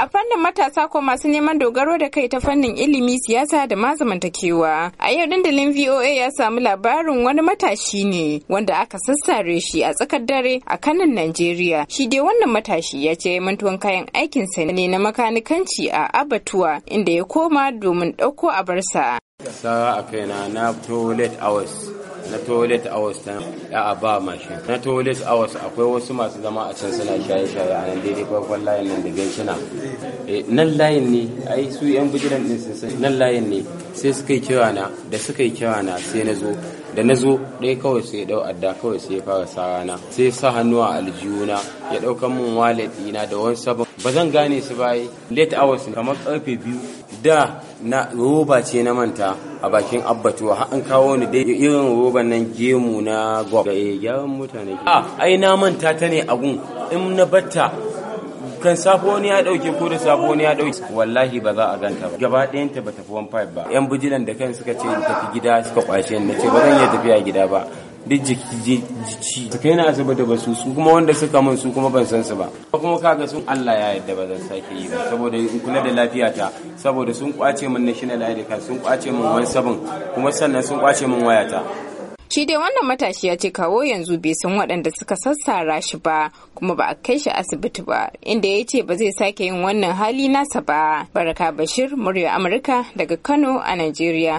A fannin matasa ko masu neman dogaro da kai ta fannin ilimi, siyasa da ma zamantakewa. A yau dandalin VOA ya samu labarin wani matashi ne wanda aka sassare shi a tsakar dare a kanan Najeriya. Shi dai wannan matashi ya ce ya mantuwan kayan aikin aikinsa ne na makanikanci a Abatuwa inda ya koma domin ɗauko a kaina na na toilet hours ta a ba mashin na toilet hours akwai wasu masu zama a can suna shaye-shaye a nan daidai kwakwan layin nan da benshina eh, nan layin ne ai su yan bujiran din sun nan layin ne sai suka yi kira na da suka yi kira na sai na zo da na zo ɗaya kawai sai ya ɗau adda kawai sai ya fara sa rana sai sa hannu a aljihuna ya ɗauka min walet ɗina da wani sabon ba zan gane su bayi late hours kamar karfe biyu da na roba ce na manta a bakin abbatuwa har an kawo ni dai irin roban nan gemu na gwab da eh, gyaran mutane a ah, ai na manta ta ne a gun in na batta kan safo wani ya dauke ko da safo wani ya dauke wallahi ba za a ganta ba gaba ɗayanta ba tafi pipe ba yan bijilan da kan suka ce tafi gida suka kwashe ni ce ba zan iya tafiya gida ba duk jiki jici su kai na asibiti ba su su kuma wanda suka min su kuma ban san su ba kuma kaga sun Allah ya yarda ba zan sake yi ba saboda in kula da lafiyata saboda sun kwace min national ID card sun kwace min wani sabon kuma sannan sun kwace min wayata Shi dai wannan matashi ya ce kawo yanzu bai san waɗanda suka sassara shi ba kuma ba a kai shi asibiti ba inda ya ce ba zai sake yin wannan hali nasa ba. Baraka Bashir, murya Amurka daga Kano a Najeriya.